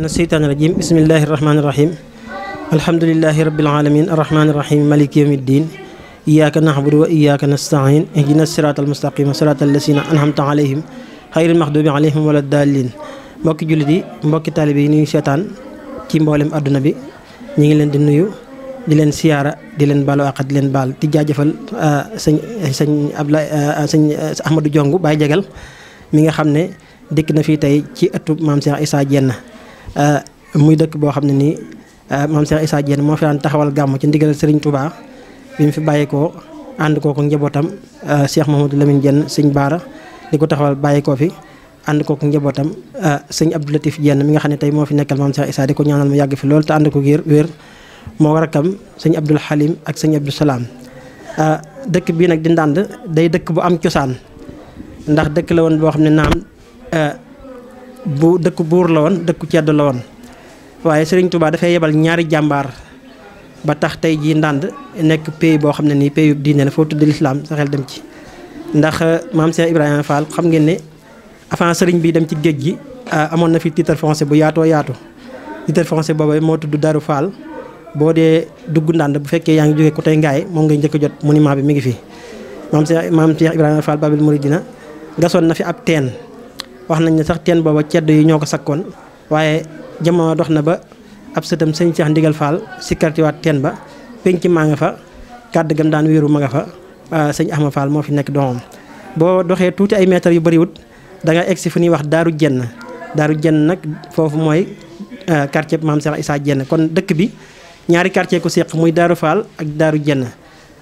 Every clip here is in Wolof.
من الشيطان الرجيم بسم الله الرحمن الرحيم الحمد لله رب العالمين الرحمن الرحيم مالك يوم الدين إياك نعبد وإياك نستعين اهدنا الصراط المستقيم صراط الذين أنعمت عليهم غير المغضوب عليهم ولا الضالين mbokki jullit yi mbokki taalibe yi ñuy seetaan ci mboolem adduna bi ñu ngi leen di nuyu di leen siyaara di leen baalu àq di leen baal di jaajëfal sëñ sëñ Abdoulaye sëñ Ahmadou Diong Baye Jegal mi nga xam ne dikk na fii tey ci ëttu maam Cheikh Issa Diène Euh, muy dëkk bo xamni ni euh maam Cheikh isa Diène mo fi daan taxawal gam ci ndigal Serigne Touba bi mu fi ko ko njabotam euh Cheikh Mahamadou Lamine Diène sëñ Baara di ko taxawal bàyyeekoo fi. ko njabotam euh serigne Abdou Latif Diène mi nga xamni tay mo fi nekkal maam Cheikh isa diko ñaanal mu yagg fi ta and ko serigne Halim ak serigne Abdou euh dëkk bi nak di ndand day dëkk bu am ciosan ndax dëkk la won bo xamni naam euh, bu dekk bour la dekk ci addu la won waye Serigne Touba fay yebal ñaari jambar ba tax tay ji ndand nek pey bo xamne ni pey pays diine la fo tudd lislaam sa xel dem ci. ndax euh, mam Cheikh Ibrahima Fall xam ngeen ne avant Serigne bi dem ci geej gi euh, amon na fi titre français bu yaatoo yaatu titre français boobu mo tuddu daru Fall bo de dugg ndand bu fekke yaangi joge ko tay ngaay moom ngay njëkk jot monument bi mi ngi fi. mam Cheikh mam Cheikh Ibrahima Fall Babil Mouridina gasone na fi ab teen wax nañ ne sax teen booba ceddo yi ñoo ko sakkoon waaye jamono dox na ba ab sëtam sëñ Cheikh Ndigal Fall sikkartiwaat teen ba penc maa nga fa kàdd gam daan wéeru ma nga fa sëñ Ahma Fall moo fi nekk doomam boo doxee tuuti ay mètre yu bëriwut da nga egsi fu ñuy wax daaru jenn daaru jenn nag foofu mooy euh, quartier bi maam Cheikh isa jenn kon dëkk bi ñaari quartier ku seq muy daaru Fall ak daaru jenn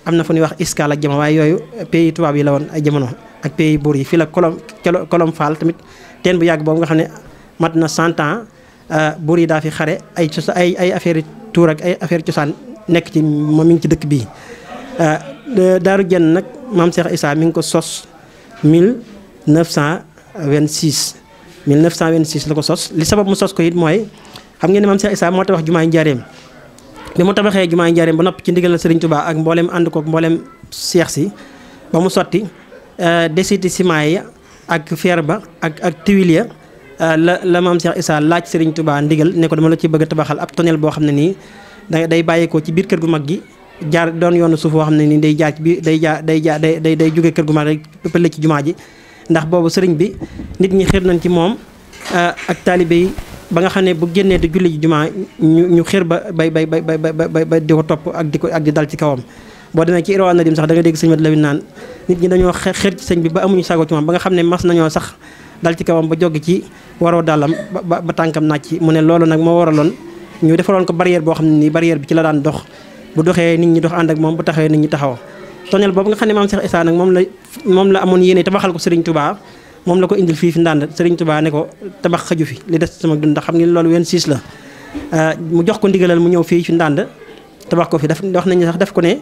am na fu ñuy wax Iskal ak jamono waaye yooyu pays tubaab yi la woon ay jamono ak pays buur yi fii la kolom kolom faal tamit teen bu yàgg boobu nga xam ne mat na cent ans euh, buur yi daa fi xare ay cosaan ay ay affaire tuur ak ay affaire cosaan nekk ci moom mi ngi ci dëkk bii euh, euh, daaru jenn nag maam Cheikh Issa mi ngi ko sos 1926 1926 la ko sos li sabab mu sos ko it mooy xam ngeen ne maam Cheikh Issa moo tabax jumaay njaareem bi mu tabaxee jumaay njaareem ba nopp ci ndigal la Serigne Touba ak mboolem ànd koog mboolem seex si ba mu sotti Euh, desiti ciment ya ak fer ba ak ak tuile ya euh, la la maam Cheikh Issa laaj Serigne Touba ndigal ne ko dama la ci bëgg tabaxal ab tonel boo xam ne nii da day bàyyeekoo ci biir kër gu mag gi jaar doon yoonu suuf boo xam ne nii day jaar ci biir day jaar day jaar day day jóge kër gu mag rek pële ci jumaa ji ndax boobu sëriñ bi nit ñi xir nañ ci moom euh, ak taalibe yi ba nga xam ne bu génnee di julli ji jumaa ñu ñu xir ba bay bay bay bay ba di ko topp ak di ko ak di dal ci kawam boo demee ci irwaa nadim sax da nga dégg sëñ Mat Lamin naan nit ñi dañoo xër ci sëñ bi ba amuñu sago ci moom ba nga xam ne mas nañoo sax dal ci kawam ba joggi ci waroo dàllam ba ba tànkam naaj ci mu ne loolu nag moo waraloon ñu defaloon ko barrière boo xam ne nii barrière bi ci la daan dox bu doxee nit ñi dox ànd ak moom bu taxee nit ñi taxaw tonel boobu nga xam ne maam Cheikh Issa nag moom la moom la amoon yéene tabaxal ko Serigne Touba moom la ko indil fi ndànd Serigne Touba ne ko tabax xaju fi li des sama dund ndax xam ngeen loolu wenn siis la euh, mu jox ko ndigalal mu ñëw fii fi ndànd tabax ko fi daf wax nañu sax daf ko ne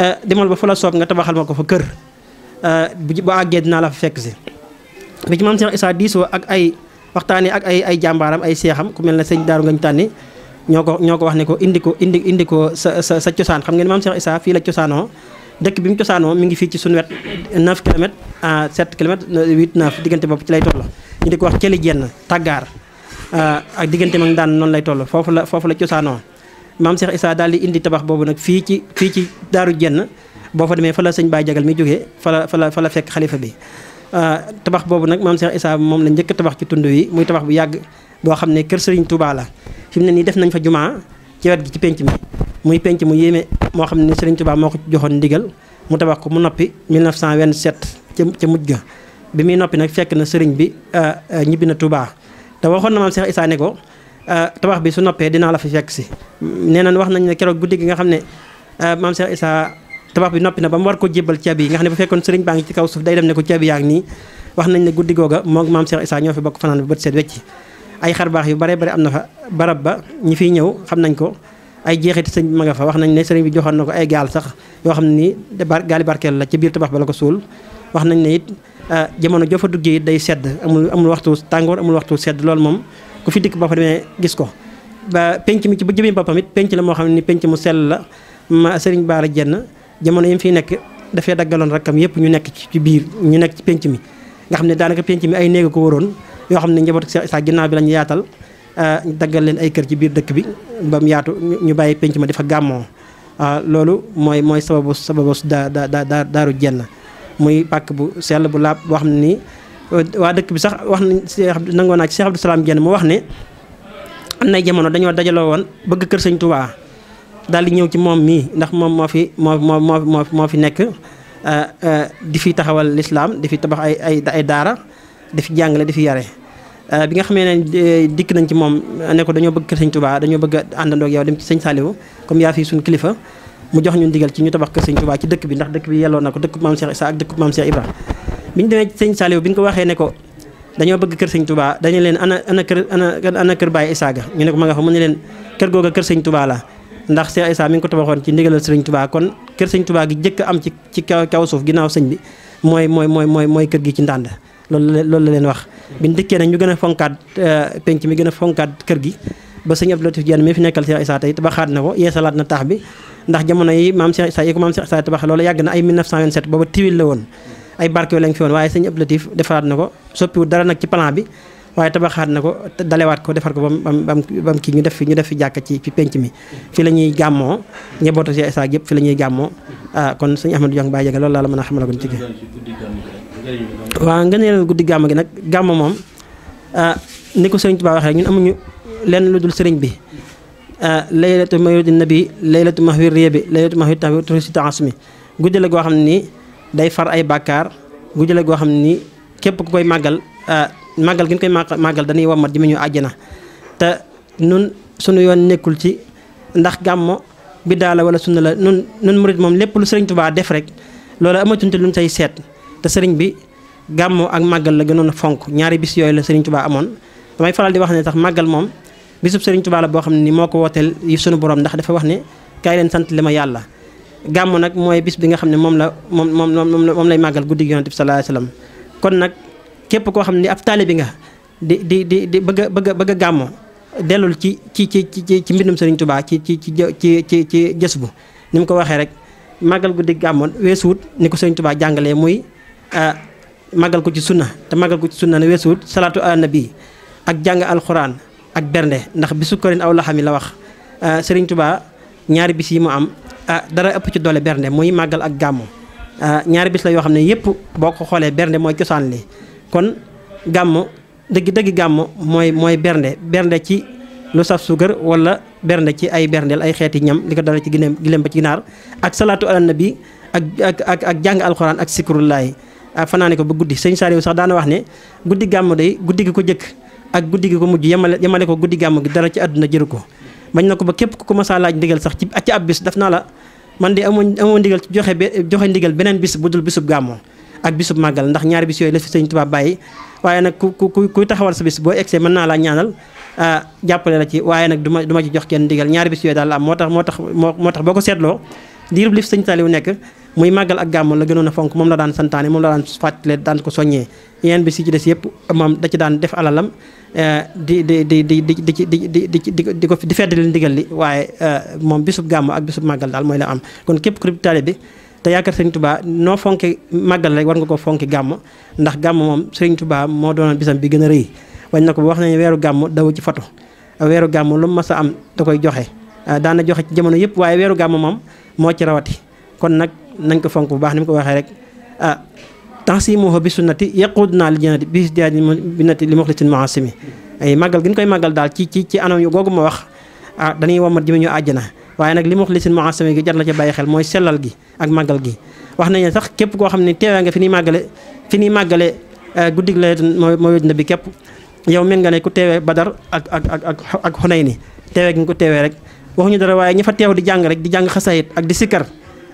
Eh, demal ba fu la soob nga tabaxal ma ko fa kër eh, bu àggee dinaa la fa fekk si bi ci maam Cheikh Issa diisoo ak ay waxtaane ak ay ay jàmbaaram ay seexam ku mel ne sëñ Daaru Ngañ Tànni ñoo ko ñoo ko wax ne ko indi ko indi indi ko sa sa sa cosaan xam ngeen maam Cheikh Issa fii la cosaanoo dëkk bi mu cosaanoo mi ngi fii ci suñu wet 9 kilomètres à ah, 7 kilomètres 8 9 diggante boobu ci lay toll ñu di ko wax cëli jenn tàggaar ah, ak diggante ma ngi daan noonu lay toll foofu la foofu la cosaanoo maam Cheikh Issa daal di indi tabax boobu nag fii ci fii ci daaru jenn boo fa demee fa la sëñ Baye Jagal mi jógee fa la fa la fekk xalifa bi ah, tabax boobu nag maam Cheikh Issa moom la njëkk tabax ci tund wi muy tabax bu yàgg boo xam ne kër Serigne tubaa la fi mu ne nii def nañ fa jumaa ci wet gi ci penc mi muy penc mu yéeme moo xam ne Serigne Touba moo ko joxoon ndigal mu tabax ko mu noppi 1927 ca ca mujj ga bi muy noppi nag fekk na Serigne bi ah, ah, ñibbi na Touba te waxoon na maam Cheikh Issa ko Euh, tabax bi su noppee dinaa la fi fekk si nee nañ wax nañ ne keroog guddi gi nga xam ne euh, maam Cheikh Issa tabax bi noppi na ba mu war ko jébbal caabi yi nga xam ne bu fekkoon sëriñ baa ngi ci kaw suuf day dem ne ko caabi yaa ngi nii wax nañ ne guddi googa moom maam Cheikh Issa ñoo fi bokk fanaan ba bët seet wecc ay xar baax yu bare bare am na fa barab ba ñi fiy ñëw xam nañ ko ay jeexiti sëñ bi ma fa wax nañ ne sëriñ bi joxoon na ko ay gaal sax yoo xam ne nii gaali barkeel la ci biir tabax ba la ko suul wax nañ ne it euh, jamono joo fa day sedd amul amul waxtu tàngoor amul waxtu sedd loolu moom ku fi dikk boo fa gis ko ba penc mi ci ba jëmi boppam it penc la mo xamni penc mu sel la ma serigne Baara Jenn jamono yi mu da nekk dafay daggaloon rakkam yep ñu nek ci biir ñu nek ci penc mi nga xamni da daanaka penc mi ay neeg ko woron yo xamni njabot sa ginnaw bi lañu yaatal ah, dagal leen ay kër ci biir dekk bi ba yaatu ñu bàyyi penc ma gamo gàmmoo ah, lolu moy moy sababu sababu da da daru jenn muy pak bu sel bu lab bo xamni waa dëkk bi sax wax nañ Cheikh nangoo naa ci Cheikh Abdou Salaam Diène mu wax ne am nay jamono dañoo dajaloo woon bëgg kër sëñ Touba dal di ñëw ci moom mii ndax moom moo fi moo moo moo moo fi nekk euh, euh, di fi taxawal lislaam di fi tabax ay ay ay daara di fi jàngale di fi yare euh, bi nga xamee ne dikk nañ ci moom ne ko dañoo bëgg kër sëñ Touba dañoo bëgg a àndandoo dem ci sëñ Saliou comme yaa fi suñu kilifa mu jox ñu ndigal ci ñu tabax kër sëñ Touba ci dëkk bi ndax dëkk bi yelloo na ko dëkk maam Cheikh Issa ak dëkk maam Cheikh Ibrahima biñ ci seigne Saliou biñ ko waxé né ko dañu bëgg kër seigne Touba dañu leen ana ana kër ana ana kër Baye Issa ga ñu né ko ma nga fa mu ne leen kër goga kër seigne Touba la ndax Cheikh Issa mi ngi ko tabaxoon ci ndigalal seigne Touba kon kër seigne Touba gi jëk am ci ci kaw kaw suuf ginaaw seigne bi moy moy moy moy moy kër gi ci ndand loolu la leen wax biñ dikkee nak ñu gëna a fonkaat eh, penc mi gëna a fonkaat kër gi ba seigne Abdou Latif diane mi fi nekkal Cheikh Issa tay tabaxaat na ko yeesalaat na tax bi ndax jamono yi mam Cheikh Issa yi ko mam Cheikh Issa tabax loolu yag na ay 1927 booba tiwil la won ay barke lañ fi woon waaye sëñ Abdou defaraat na ko soppiwut dara nag ci plan bi waaye tabaxaat na ko dalewaat ko defar ko bam ba bam kii ñu def fi ñu def fi jàkk ci ci penc mi fi la ñuy gàmmoo njabootu si Isaa yëpp fi la ñuy gàmmoo ah kon sëñ Ahmadou Diong ba Diaga loolu laa la mën a xamalagoon ci waaw nga ne guddi gàmm gi nag gàmm moom ah, ni ko sëriñ Tuubaa waxee rek amuñu lenn lu dul sëriñ bi ah, laylatu mawlidin nabi laylatu mahwi réebi laylatu mahwi tawi tursi taasmi guddi la goo xam ne nii day far ay bàkkaar guddi la goo xam ni képp ku koy màggal ah, màggal gi ñu koy màggal dañuy wamat jëme ñu àjjana te nun suñu yoon nekkul ci ndax gàmmo bi daal la wala sunna la nun nun murit moom lépp lu sëriñ Tuubaa def rek loolu te luñ say seet te sëriñ bi gàmmo ak màggal la gënoon a fonk ñaari bis yooyu la sëriñ Tuubaa amoon damay faral di wax ne sax màggal moom bisub sëriñ Tuubaa la boo xam ne ni moo ko wooteel yi sunu borom ndax dafa wax ne kaay sant li yàlla gàmmu nag mooy bis bi nga xam ne moom la moom moom moom lay màggal guddi yonent bi sallallahu alayhi wasallam kon nag képp koo xam ne ab taalibe nga di di di di bëgg a bëgg a bëgg a gàmmu dellul ci ci ci ci ci mbindum Serigne Touba ci ci ci ci ci ci jës bu ni ko waxee rek màggal guddi gàmmu weesuwut ni ko Serigne jàngalee muy ah, màggal ko ci sunna te màggal ci sunna ne weesuwut salaatu ala nabi ak jàng alxuraan ak bernde ndax bisu korin aw yi la wax ah, Serigne Touba ñaari bis yi mu am. Ah, dara ëpp ci doole bernde muy magal ak gàmmu ah, ñaari bis la yoo xam ne yëpp boo ko xoolee bernde mooy cosaan li kon gàmmu dëgg dëgg gàmmu mooy mooy bernde bernde ci lu saf sugar wala bernde ci ay berndeel ay xeeti ñam li ko dara ci gilem gilem ba ci ginaar ak salatu ala nabi ak ak ak ak jàng alxuraan ak sikrullaay ak ah, fanaane ko ba guddi sëñ Saliou sax daana wax ne guddi gàmmu day guddi gi ko jëkk ak gudi gi ko mujj yemale yemale ko guddi gàmmu gi dara ci àdduna jëru ko bañ na ko ba képp ku ko masa laaj ndigal sax ci ab bis daf naa la man de amoon amoon ndigal ci joxe joxe ndigal beneen bis bu dul bisub gàmmoo ak bisub màggal ndax ñaari bis yooyu la fi sëñ Tuubaa bàyyi waaye nag ku ku taxawal sa bis boo egsee mën naa laa ñaanal ah, jàppale la ci waaye nag du ma du ma ci jox kenn ndigal ñaari bis yooyu daal la am tax moo tax moo tax boo ko seetloo diirub li nekk muy màggal ak gàmmu la gënoon fonk moom la daan santaane moom la daan fàttale daan ko soññee yeneen bi si ci des yëpp moom da ci daan def alalam di di di di di di di di di ko di fedd leen ndigal li waaye moom bisub gàmmu ak bisub màggal daal mooy la am kon képp ku taalibe bi te yaakaar Serigne Touba noo fonki màggal rek war nga ko fonki gàmm ndax gàmm moom Serigne Touba moo doonoon bisam bi gën a rëy wañ na ko wax nañu weeru gàmm daw ci fatu weeru gàmm lu mu mas a am da koy joxe daana joxe ci jamono yëpp waaye weeru gàmm moom moo ci rawati kon nag nañ ko fonk bu baax ni mu ko waxee rek ah tasimu bi sunnati yaqudna al jannati bi isdiadi binati li muxlisin muasimi ay magal gën koy magal dal ci ci ci anam yu googu wax ah dañuy womat jëme ñu àjjana waaye nag li muxlisin muasimi gi jarna ci baye xel moy selal gi ak magal gi wax nañ sax kep ko xamni ne nga fini ñuy fini fi guddig la mo mooy na bi kep yow mel nga ne ku badar ak ak ak ak ak hunayni teewee gi ko teewee rek ñu dara waye ñi fa teew di jang rek di jang xasayit ak di sikkar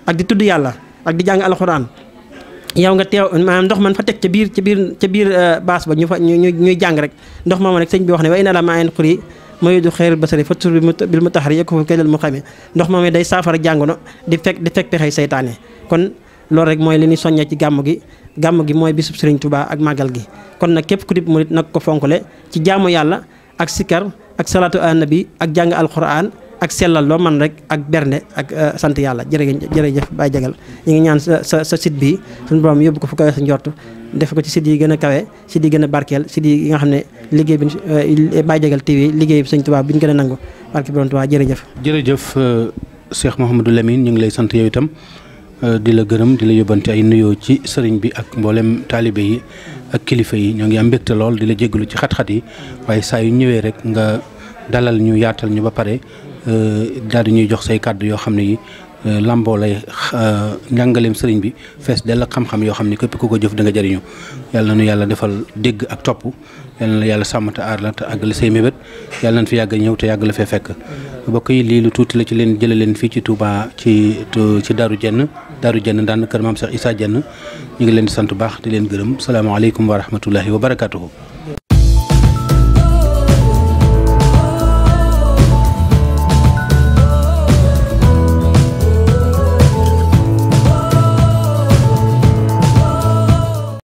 ak di tuddu yalla ak di jang alquran yow nga teew maanaam ndox man fa teg ca biir ca biir ca biir euh, baas ba ñu fa ñu ñuy jàng rek ndox moom rek sëñ bi wax ne wa inna la ma en xuri mooy du xeer basari fa tur bil mu taxari yëkko fu kenn mu xamee day saafara jàngono di fekk di fekk seytaane kon loolu rek mooy li ñuy soññee ci gàmm gi gàmm gi mooy bisub Sëriñ tubaa ak màggal gi kon nag képp ku dib murit nag ko fonkle ci jaamu yàlla ak sikar ak salaatu annabi ak jàng alquran ak selal lo man rek ak berne ak eh, sant jere jere jef bay Jagal ñi ngi ñaan sa sit bi sun borom yob ko fu kawe sa njort def ko ci sit yi gëna kawé kawe yi gëna barkel sit yi nga xamné liggéey bi eh, bay Jagal TV liggéey bi señ tuba bi ñu gën nangu barke borom jef jere jef Cheikh Mouhamadou Lamine ñu ngi lay sant yow itam eh, di la gërëm di la yobante ay nuyo ci sëriñ bi ak mboolem talibé yi ak kilifa yi ñu ngi am mbégte lool di la jéggalu ci xat-xat yi waaye sa yu ñëwé rek nga dalal ñu yaatal ñu ba pare Euh, daal di ñuy jox say kàddu yoo xam ne yi euh, lamboo lay euh, njàngaleem sëriñ bi fees dell ak xam-xam yoo xam ne képp ku ko jëf da nga jëriñu yàlla nu yàlla defal dégg ak topp yàlla na yàlla sàmm te aar la te àggale say mébét yàlla na fi yàgg ñëw te yàgg la fee fekk. mbokk yi lii lu tuuti la ci leen jële leen fii ci Touba ci daaru jenn Dienne Darou daan kër maam Cheikh Issa jenn ñu ngi leen di sant baax di leen gërëm salaamaaleykum wa rahmatullahi wa barakaatuhu.